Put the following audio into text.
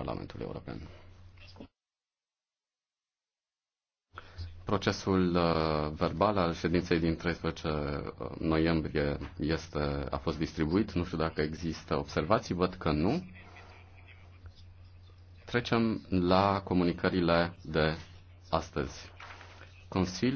Parlamentului European. Procesul uh, verbal al ședinței din 13 uh, noiembrie este, a fost distribuit. Nu știu dacă există observații, văd că nu. Trecem la comunicările de astăzi. Consiliul